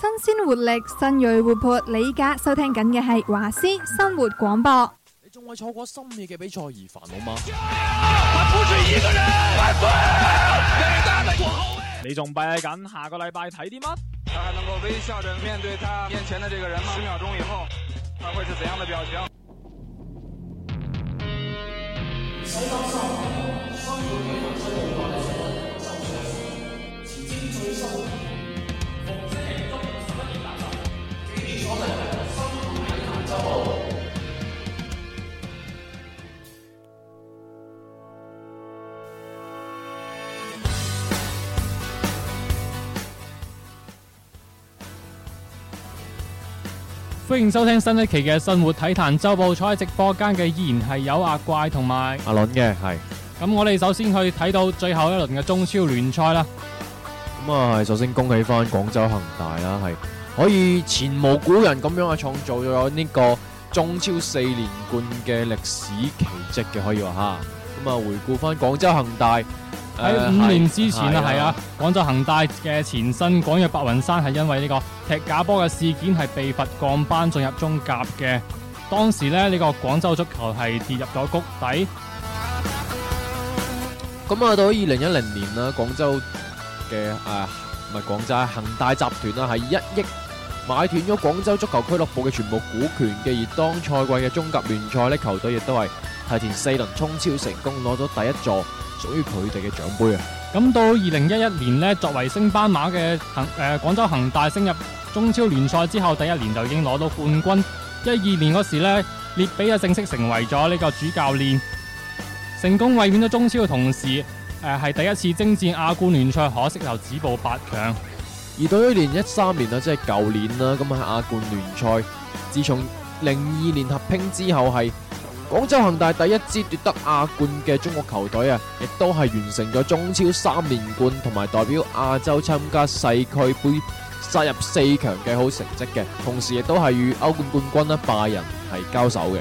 新鮮活力，新銳活潑，李家收聽緊嘅係華師生活廣播。你仲係錯過深夜嘅比賽而煩惱嗎？哦啊哦啊啊、你仲備緊下個禮拜睇啲乜？歡迎收聽新一期嘅《生活體壇週報》賽直播間嘅依然係有、啊、怪阿怪同埋阿倫嘅，係咁我哋首先去睇到最後一輪嘅中超聯賽啦。咁啊，首先恭喜翻廣州恒大啦，係可以前無古人咁樣去創造咗呢個中超四連冠嘅歷史奇蹟嘅，可以話吓。咁啊，回顧翻廣州恒大。喺五年之前啊，係、嗯、啊，廣州恒大嘅前身廣藥白雲山係因為呢個踢假波嘅事件係被罰降班進入中甲嘅。當時呢，呢、呢個廣州足球係跌入咗谷底。咁啊，到二零一零年啦，廣州嘅誒唔係廣州恒大集團啦，係一億買斷咗廣州足球俱樂部嘅全部股權嘅。而當賽季嘅中甲聯賽呢，球隊亦都係提前四輪衝超成功，攞咗第一座屬於佢哋嘅獎杯啊！咁到二零一一年呢，作為升班馬嘅恒誒廣州恆大升入中超聯賽之後，第一年就已經攞到冠軍。一二年嗰時呢，列比啊正式成為咗呢個主教練，成功衛冕咗中超嘅同時，誒、呃、係第一次征戰亞冠聯賽，可惜又止步八強。而到一年一三年啦，即係舊年啦，咁係亞冠聯賽，自從零二年合拼之後係。廣州恒大第一支奪得亞冠嘅中國球隊啊，亦都係完成咗中超三連冠，同埋代表亞洲參加世俱杯殺入四強嘅好成績嘅，同時亦都係與歐冠冠軍啦拜仁係交手嘅。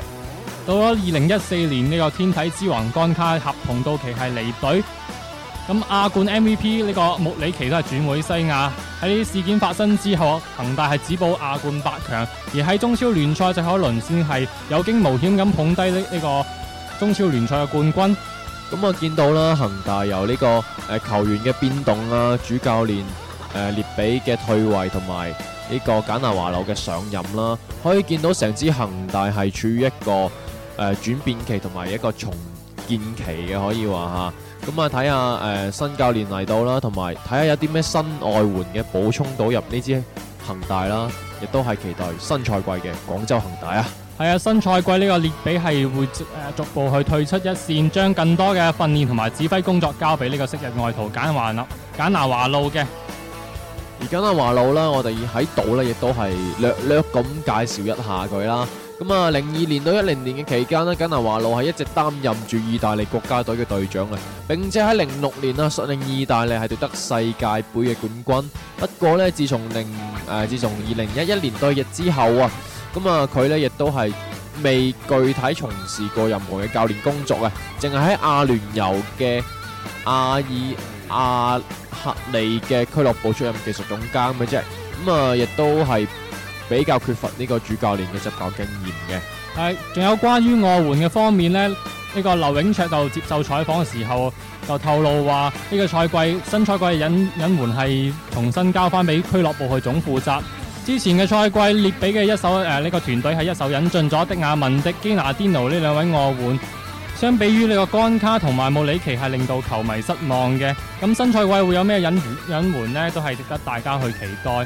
到咗二零一四年呢個天體之王干卡合同到期係離隊。咁亞冠 MVP 呢個穆里奇都係轉會西亞，喺事件發生之後，恒大係止步亞冠八強，而喺中超聯賽最後一輪先係有驚無險咁捧低呢呢個中超聯賽嘅冠軍。咁我見到啦，恒大由呢、這個誒、呃、球員嘅變動啦、主教練誒、呃、列比嘅退位同埋呢個簡拿華路嘅上任啦，可以見到成支恒大係處於一個誒轉、呃、變期同埋一個重。見期嘅可以話吓，咁啊睇下誒新教練嚟到啦，同埋睇下有啲咩新外援嘅補充到入呢支恒大啦，亦都係期待新賽季嘅廣州恒大啊！係啊，新賽季呢個列比係會逐步去退出一線，將更多嘅訓練同埋指揮工作交俾呢個昔日外徒簡拿華啦簡拿華路嘅，而簡拿華路呢，我哋喺度呢，亦都係略略咁介紹一下佢啦。咁啊，零二年到一零年嘅期間咧，咁啊，華路係一直擔任住意大利國家隊嘅隊長啊，並且喺零六年啊率領意大利係奪得世界杯嘅冠軍。不過咧，自從零誒自從二零一一年退役之後啊，咁啊，佢咧亦都係未具體從事過任何嘅教練工作啊，淨係喺阿聯酋嘅阿爾阿克利嘅俱樂部出任技術總監咁嘅啫。咁啊，亦都係。比較缺乏呢個主教練嘅執教經驗嘅。係，仲有關於外援嘅方面呢。呢、這個劉永卓就接受採訪嘅時候，就透露話呢個賽季新賽季引引援係重新交翻俾俱樂部去總負責。之前嘅賽季，列比嘅一手誒呢、呃這個團隊係一手引進咗迪亞文迪基拿蒂奴呢兩位外援，相比於呢個干卡同埋穆里奇係令到球迷失望嘅。咁新賽季會有咩引援引援呢，都係值得大家去期待。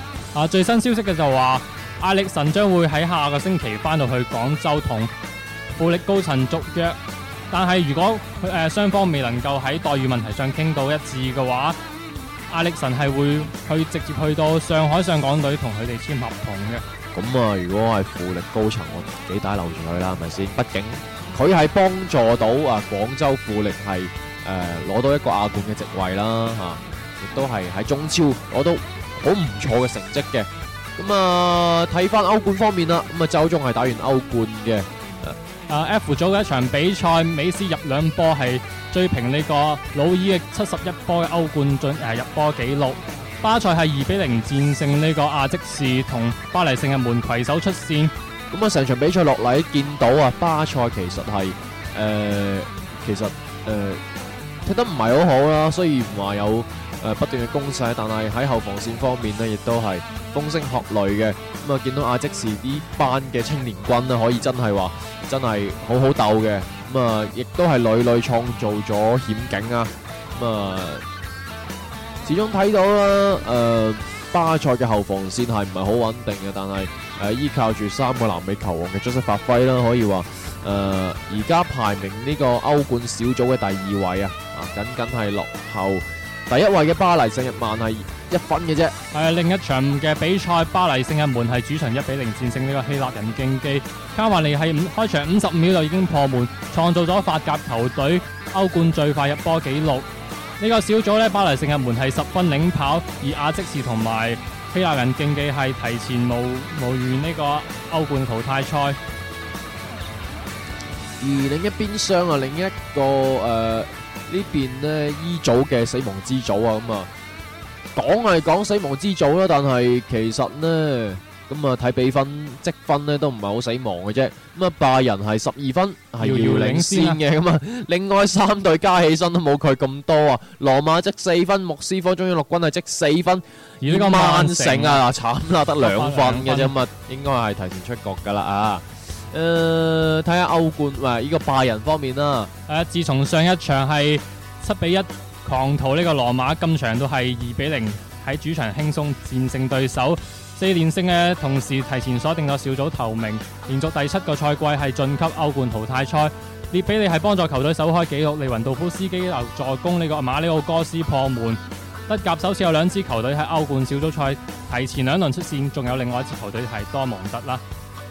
啊！最新消息嘅就話，阿力神將會喺下個星期翻到去廣州同富力高層續約。但係如果誒、呃、雙方未能夠喺待遇問題上傾到一致嘅話，阿力神係會去直接去到上海上港隊同佢哋簽合同嘅。咁啊，如果係富力高層，我幾歹留住佢啦，係咪先？畢竟佢係幫助到啊廣州富力係誒攞到一個亞冠嘅席位啦，嚇、啊！亦都係喺中超攞到。好唔錯嘅成績嘅，咁啊睇翻歐冠方面啦，咁啊周中係打完歐冠嘅，啊、uh, F 組嘅一場比賽，美斯入兩波係追平呢個魯爾嘅七十一波嘅歐冠進誒入波紀錄，巴塞係二比零戰勝呢個亞積士，同巴黎聖日門攜手出線，咁啊成場比賽落嚟，見到啊巴塞其實係誒、呃、其實誒踢、呃、得唔係好好、啊、啦，雖然話有。誒、呃、不斷嘅攻勢，但係喺後防線方面呢，亦都係風聲鶴唳嘅。咁、嗯、啊，見到阿積士呢班嘅青年軍呢，可以真係話真係好好鬥嘅。咁、嗯、啊、嗯，亦都係屢屢創造咗險境啊。咁、嗯、啊，始終睇到啦，誒、呃、巴塞嘅後防線係唔係好穩定嘅？但係誒、呃、依靠住三個南美球王嘅出色發揮啦，可以話誒而家排名呢個歐冠小組嘅第二位啊，啊僅僅係落後第一位嘅巴黎聖日曼係一分嘅啫。另一場嘅比賽，巴黎聖日門係主場一比零戰勝呢個希臘人競技，卡華尼係開場五十五秒就已經破門，創造咗法甲球隊歐冠最快入波紀錄。呢、呢個小組呢，巴黎聖日門係十分領跑，而亞積士同埋希臘人競技係提前無無緣呢個歐冠淘汰賽。而另一邊廂啊，另一個誒呢邊咧，E 組嘅死亡之組啊，咁啊講係講死亡之組啦，但係其實咧，咁啊睇比分積分咧都唔係好死亡嘅啫。咁啊拜仁係十二分係遙遙領先嘅，咁啊另外三隊加起身都冇佢咁多啊。羅馬積四分，莫斯科中央陸軍係積四分，而呢個曼城啊慘啦得兩分嘅啫嘛，應該係提前出局噶啦啊！誒、呃，睇下歐冠，哇！呢、這個拜仁方面啦，係、呃、自從上一場係七比一狂屠呢個羅馬，今場都係二比零喺主場輕鬆戰勝對手，四連勝嘅同時提前鎖定咗小組頭名，連續第七個賽季係晉級歐冠淘汰賽。列比利係幫助球隊首開紀錄，利雲道夫斯基有助攻呢個馬里奧哥斯破門。德甲首次有兩支球隊喺歐冠小組賽提前兩輪出線，仲有另外一支球隊係多蒙特啦。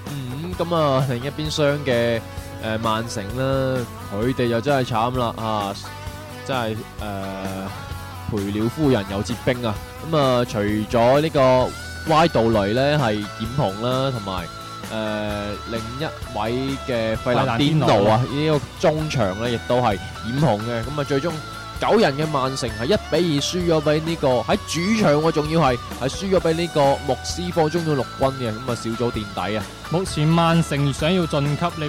嗯，咁啊，另一邊廂嘅誒曼城啦，佢哋就真係慘啦啊，真係誒賠了夫人又折兵啊！咁啊，除咗呢個歪道雷咧係染紅啦，同埋誒另一位嘅費南、啊、費南甸奴啊呢個中場咧亦都係染紅嘅，咁啊最終。九人嘅曼城係一比二輸咗俾呢個喺主場我、啊、仲要係係輸咗俾呢個莫斯科中央陸軍嘅，咁啊小組墊底啊。目前曼城想要晉級呢個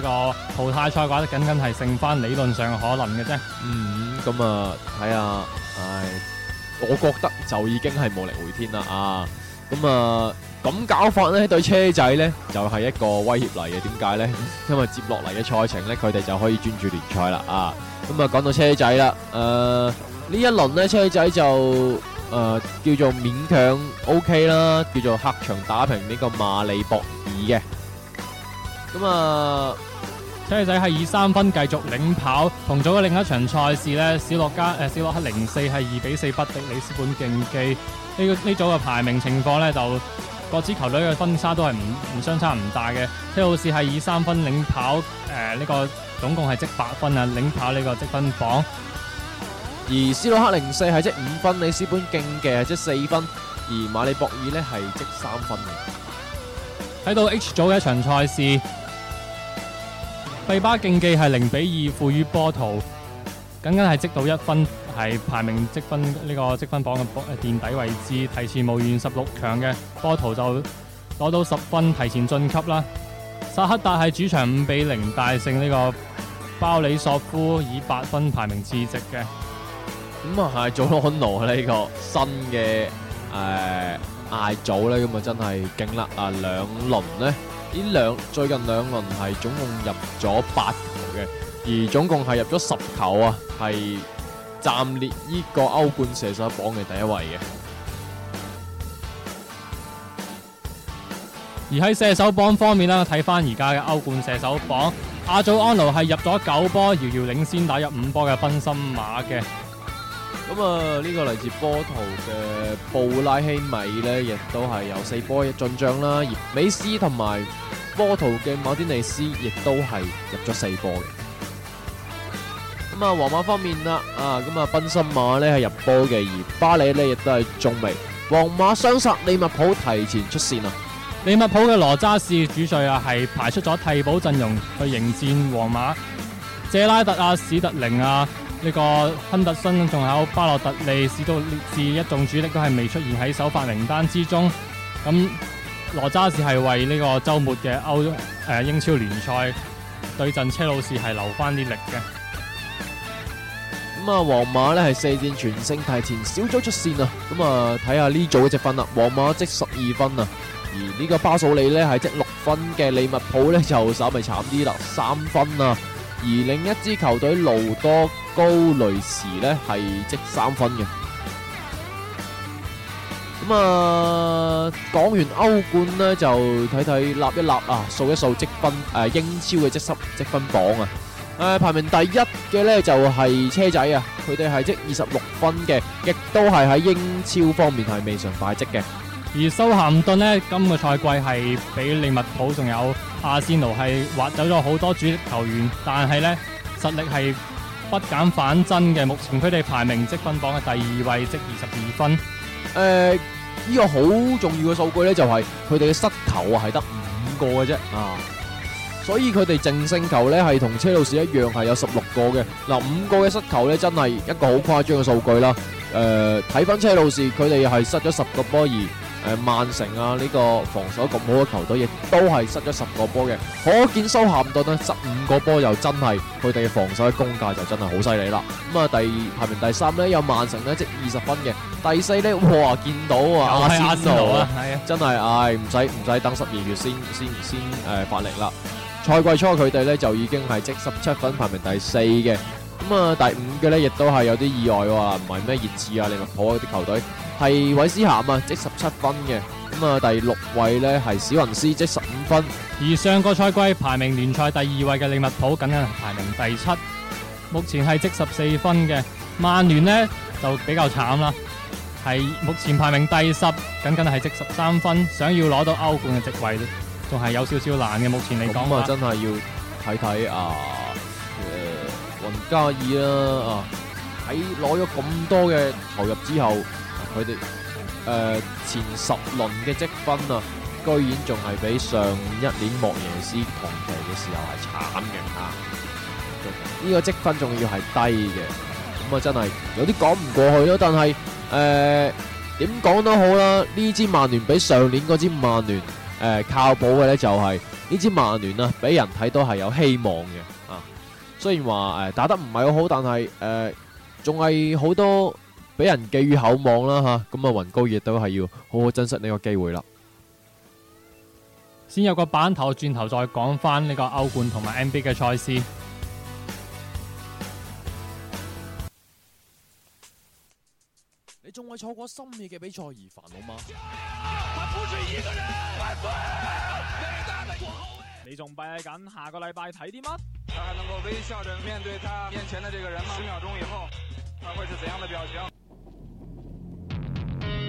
淘汰賽嘅話，都僅僅係剩翻理論上的可能嘅啫。嗯，咁啊睇下，唉，我覺得就已經係無力回天啦啊！咁啊咁搞法呢對車仔呢，就係、是、一個威脅嚟嘅，點解呢？因為接落嚟嘅賽程呢，佢哋就可以專注聯賽啦啊！咁啊，講到車仔啦，誒、呃，這一輪呢一輪咧車仔就誒、呃、叫做勉強 O K 啦，叫做客場打平呢個馬里博爾嘅。咁、嗯、啊、呃，車仔係以三分繼續領跑。同組嘅另一場賽事呢，史洛加誒、呃、史洛克零四係二比四不敵里斯本競技。呢個呢組嘅排名情況呢，就各支球隊嘅分差都係唔唔相差唔大嘅。車路士係以三分領跑，誒、呃、呢、這個。總共係積八分啊，領跑呢個積分榜。而斯洛克零四係積五分，里斯本競技係積四分，而馬里博爾呢係積三分嘅。喺到 H 組嘅一場賽事，費巴競技係零比二負於波圖，僅僅係積到一分，係排名積分呢個積分榜嘅墊底位置，提前無緣十六強嘅。波圖就攞到十分，提前晉級啦。薩克達係主場五比零大勝呢個。鮑里索夫以八分排名次席嘅，咁啊係祖安奴呢個新嘅誒，艾祖咧，咁啊真係勁啦！啊兩輪咧，呢兩最近兩輪係總共入咗八球嘅，而總共係入咗十球啊，係暫列呢個歐冠射手榜嘅第一位嘅。而喺射手榜方面啦，睇翻而家嘅歐冠射手榜，阿祖安奴係入咗九波，遙遙領先打入五波嘅奔心馬嘅。咁啊，呢個嚟自波圖嘅布拉希米呢，亦都係有四波嘅進賬啦。而美斯同埋波圖嘅馬天尼斯亦都係入咗四波嘅。咁啊，皇馬方面啦，啊咁啊，奔心馬呢係入波嘅，而巴里呢，亦都係仲未。皇馬雙殺利物浦，提前出線啊！利物浦嘅羅渣士主帥啊，係排出咗替補陣容去迎戰皇馬。謝拉特啊、史特靈啊、呢個亨特森仲有巴洛特利，史德列治一眾主力都係未出現喺首發名單之中。咁羅渣士係為呢個周末嘅歐誒英超聯賽對陣車路士係留翻啲力嘅。咁啊，皇馬呢係四戰全勝，提前小組出線啊。咁啊，睇下呢組嘅積分啊，皇馬積十二分啊。而呢個巴素利咧係積六分嘅，利物浦咧就稍微慘啲啦，三分啊。而另一支球隊盧多高雷斯咧係積三分嘅。咁啊，講完歐冠咧，就睇睇立一立啊，數一數積分誒，英超嘅積積積分榜啊。誒，排名第一嘅咧就係車仔啊，佢哋係積二十六分嘅，亦都係喺英超方面係未嘗敗績嘅。而修咸頓呢，今個賽季係俾利物浦仲有阿仙奴係挖走咗好多主力球員，但係呢，實力係不減反增嘅。目前佢哋排名積分榜嘅第二位，積二十二分。誒、呃，呢、這個好重要嘅數據呢，就係佢哋嘅失球係得五個嘅啫啊，所以佢哋淨勝球呢，係同車路士一樣係有十六個嘅嗱。五、呃、五個嘅失球呢，真係一個好誇張嘅數據啦。誒、呃，睇翻車路士，佢哋係失咗十個波啫。誒，曼城啊，呢、這個防守咁好嘅球隊亦都係失咗十個波嘅，可見蘇咸頓呢十五個波又真係，佢哋防守嘅功架就真係好犀利啦。咁啊，第二排名第三呢，有曼城呢，即二十分嘅，第四呢，哇見到啊阿仙奴啊，啊真係唉唔使唔使等十二月先先先誒發力啦。賽季初佢哋呢，就已經係積十七分排名第四嘅。咁、嗯、啊第五嘅呢，亦都係有啲意外喎、啊，唔係咩熱刺啊利物浦嗰啲球隊係韋斯咸啊，積十七分嘅。咁啊，第六位咧係史雲斯，積十五分。而上個賽季排名聯賽第二位嘅利物浦，僅僅係排名第七，目前係積十四分嘅。曼聯呢，就比較慘啦，係目前排名第十，僅僅係積十三分，想要攞到歐冠嘅席位，仲係有少少難嘅。目前嚟講，咁啊，真係要睇睇啊，誒，雲加爾啦啊，喺攞咗咁多嘅投入之後。佢哋誒前十輪嘅積分啊，居然仲係比上一年莫耶斯同期嘅時候係慘嘅吓，呢、啊這個積分仲要係低嘅，咁啊真係有啲講唔過去咯。但係誒點講都好啦，呢支曼聯比上年嗰支曼聯誒、呃、靠譜嘅咧，就係呢支曼聯啊，俾人睇到係有希望嘅啊。雖然話誒、呃、打得唔係好好，但係誒仲係好多。俾人寄予厚望啦，吓咁啊，雲高亦都係要好好珍惜呢個機會啦。先有個板頭，轉頭再講翻呢個歐冠同埋 NBA 嘅賽事。你仲會錯過深夜嘅比賽而煩惱嗎？你仲拜緊下個禮拜睇啲乜？他還能夠微笑著面對他面前的這個人嗎？十秒鐘以後，他會是怎樣的表情？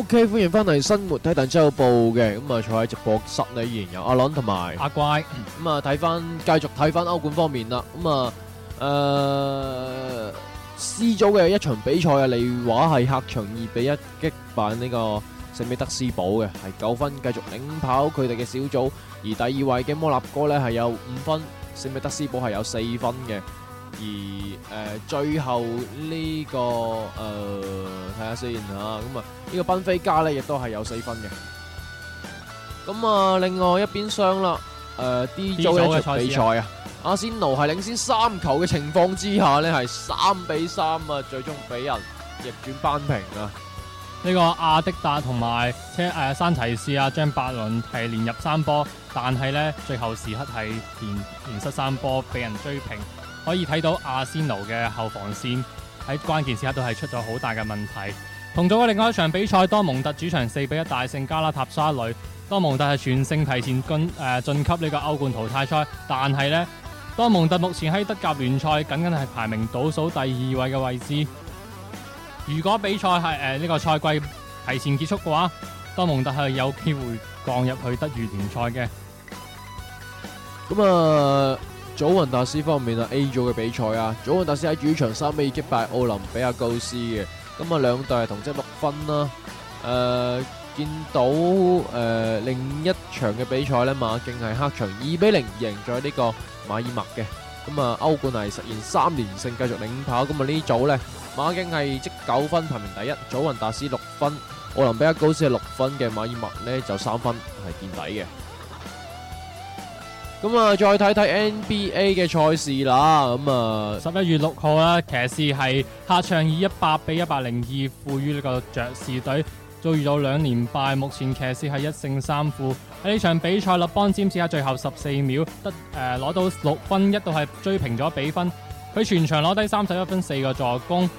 O、okay, K，歡迎翻嚟《新活體壇週報》嘅咁啊，喺直播室呢，仍然有和阿倫同埋阿怪咁啊。睇翻繼續睇翻歐冠方面啦，咁啊，誒、呃、，C 組嘅一場比賽啊，利話係客場二比一擊敗呢個聖彼得斯堡嘅，係九分，繼續領跑佢哋嘅小組。而第二位嘅摩納哥呢，係有五分，聖彼得斯堡係有四分嘅。而誒、呃、最後、這個呃看看啊，這個、呢個誒睇下先嚇，咁啊呢個賓菲加咧，亦都係有四分嘅。咁啊，另外一邊廂啦，誒、呃、D 組嘅場比賽啊，阿仙奴係領先三球嘅情況之下呢係三比三啊，最終俾人逆轉扳平啊。呢、這個阿迪達同埋車誒山提斯啊，張伯倫係連入三波，但係呢最後時刻係連連失三波，俾人追平。可以睇到阿仙奴嘅後防線喺關鍵時刻都係出咗好大嘅問題。同組嘅另外一場比賽，多蒙特主場四比一大勝加拉塔沙雷。多蒙特係全勝提前進誒晉級呢個歐冠淘汰賽。但係呢，多蒙特目前喺德甲聯賽僅僅係排名倒數第二位嘅位置。如果比賽係誒呢個賽季提前結束嘅話，多蒙特係有機會降入去德乙聯賽嘅。咁啊。祖雲達斯方面啊，A 組嘅比賽啊，祖雲達斯喺主場三比二擊敗奧林比亞高斯嘅，咁啊兩隊係同積六分啦。誒，見到誒另一場嘅比賽咧，馬競係客場二比零贏咗呢個馬爾默嘅，咁啊歐冠係實現三連勝，繼續領跑。咁啊呢組咧，馬競係積九分排名第一，祖雲達斯六分，奧林比亞高斯係六分嘅，馬爾默咧就三分係墊底嘅。咁啊，再睇睇 NBA 嘅賽事啦。咁啊，十一月六號啦，騎士係客場以一百比一百零二負於呢個爵士隊，遭遇咗兩連敗。目前騎士係一勝三負。喺呢場比賽，立邦詹士喺最後十四秒得誒攞、呃、到六分，一度係追平咗比分。佢全場攞低三十一分，四個助攻，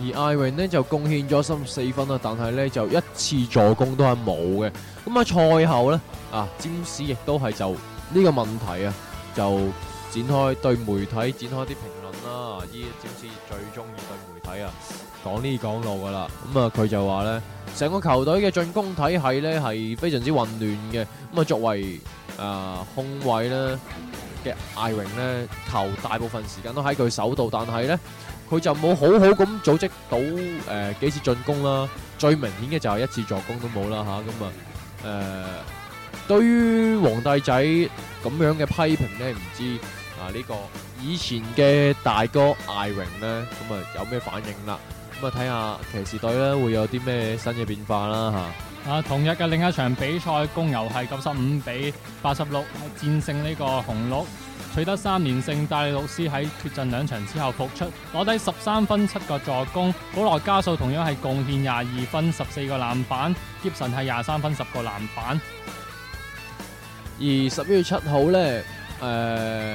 而艾榮呢就貢獻咗三十四分啊，但係呢就一次助攻都係冇嘅。咁啊，賽後呢，啊，詹士亦都係就。呢個問題啊，就展開對媒體展開啲評論啦。呢啲，詹姆斯最中意對媒體啊講呢講路噶啦。咁啊，佢就話咧，成個球隊嘅進攻體系咧係非常之混亂嘅。咁啊，作為啊控衛咧嘅艾榮咧，球大部分時間都喺佢手度，但係咧佢就冇好好咁組織到誒幾次進攻啦。最明顯嘅就係一次助攻都冇啦吓。咁啊誒。對於皇帝仔咁樣嘅批評呢，唔知啊呢個以前嘅大哥艾榮呢，咁啊有咩反應啦？咁啊睇下騎士隊呢，會有啲咩新嘅變化啦吓。啊，同日嘅另一場比賽，公牛係九十五比八十六戰勝呢個雄鹿，取得三連勝。戴路斯喺缺陣兩場之後復出，攞低十三分七個助攻。保羅加數同樣係貢獻廿二分十四個籃板。傑神係廿三分十個籃板。而十一月七號呢，誒、呃，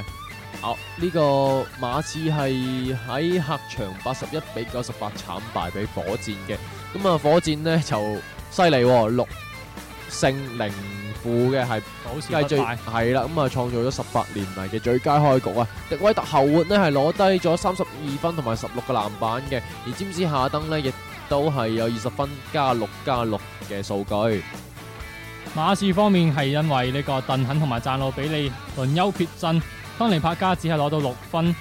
哦、啊，呢、這個馬刺係喺客場八十一比九十八慘敗俾火箭嘅，咁啊，火箭呢就犀利，六勝零負嘅係保持最快，係啦，咁、嗯、啊，創造咗十八年嚟嘅最佳開局啊！迪威特侯活呢係攞低咗三十二分同埋十六個籃板嘅，而詹士夏登呢亦都係有二十分加六加六嘅數據。馬刺方面係因為呢個鄧肯同埋贊諾比利輪休缺陣，湯尼帕加只係攞到六分，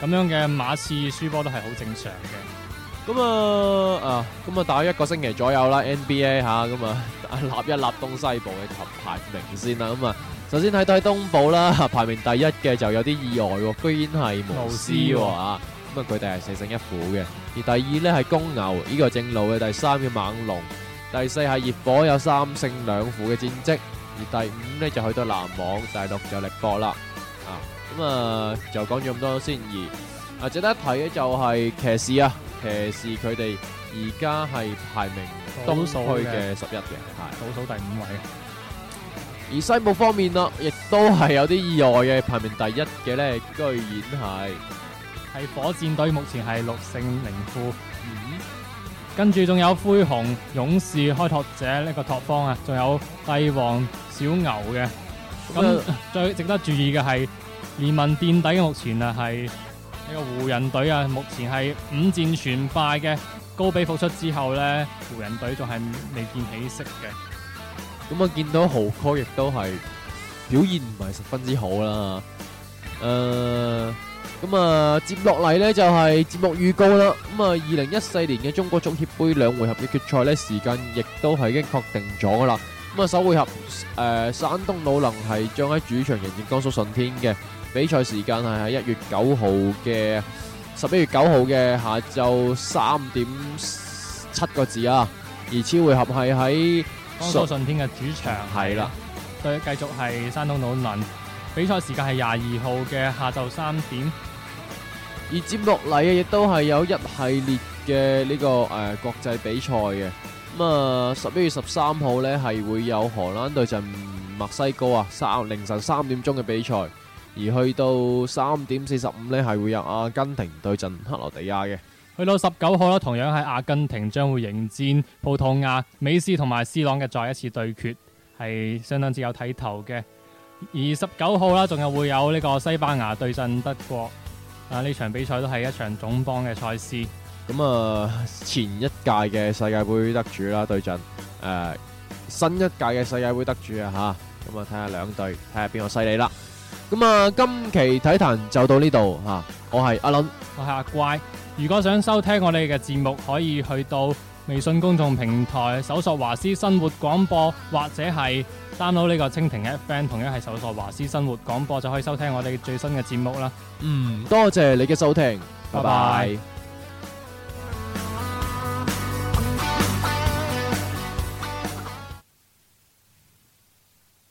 咁樣嘅馬刺輸波都係好正常嘅。咁啊啊，咁啊大約一個星期左右啦 NBA 吓，咁啊立一立東西部嘅球排名先啦。咁啊，首先睇睇東部啦，排名第一嘅就有啲意外喎，居然係巫師啊，咁啊佢哋係四勝一負嘅。而第二咧係公牛，呢個正路嘅。第三嘅猛龍。第四係熱火有三勝兩負嘅戰績，而第五咧，就去到籃網，第六就力搏啦。啊，咁啊就講咗咁多先。而啊值得一提嘅就係騎士啊，騎士佢哋而家係排名東區嘅十一嘅，係倒數第五位。而西部方面啦，亦都係有啲意外嘅，排名第一嘅咧，居然係係火箭隊，目前係六勝零負。嗯。跟住仲有灰熊、勇士、開拓者呢個拓荒啊，仲有帝王、小牛嘅。咁最值得注意嘅係聯盟墊底嘅，目前啊係呢個湖人隊啊，目前係五戰全敗嘅。高比復出之後咧，湖人隊仲係未見起色嘅。咁啊，見到豪哥亦都係表現唔係十分之好啦。誒、呃。咁啊，接落嚟呢就係節目預告啦。咁啊，二零一四年嘅中國足協盃兩回合嘅決賽呢，時間亦都係已經確定咗噶啦。咁啊，首回合誒，山東魯能係將喺主場迎戰江蘇舜天嘅比賽時間係喺一月九號嘅十一月九號嘅下晝三點七個字啊。而次回合係喺江蘇舜天嘅主場，係啦，對，繼續係山東魯能。比賽時間係廿二號嘅下晝三點，而接落嚟啊，亦都係有一系列嘅、這個呃呃、呢個誒國際比賽嘅。咁啊，十一月十三號呢係會有荷蘭對陣墨西哥啊，三凌晨三點鐘嘅比賽；而去到三點四十五呢係會有阿根廷對陣克羅地亞嘅。去到十九號啦，同樣喺阿根廷將會迎戰葡萄牙、美斯同埋 C 朗嘅再一次對決，係相當之有睇頭嘅。而十九號啦，仲有會有呢個西班牙對陣德國啊，呢場比賽都係一場總邦嘅賽事。咁啊，前一屆嘅世界杯得主啦，對陣誒、啊、新一屆嘅世界杯得主啊，吓咁啊，睇下兩隊睇下邊個犀利啦。咁啊，今期體壇就到呢度吓，我係阿倫，我係阿怪。如果想收聽我哋嘅節目，可以去到。微信公眾平台搜索華師生活廣播，或者係 download 呢、這個蜻蜓 app，同樣係搜索華師生活廣播就可以收聽我哋最新嘅節目啦。嗯，多謝你嘅收聽，拜拜。拜拜。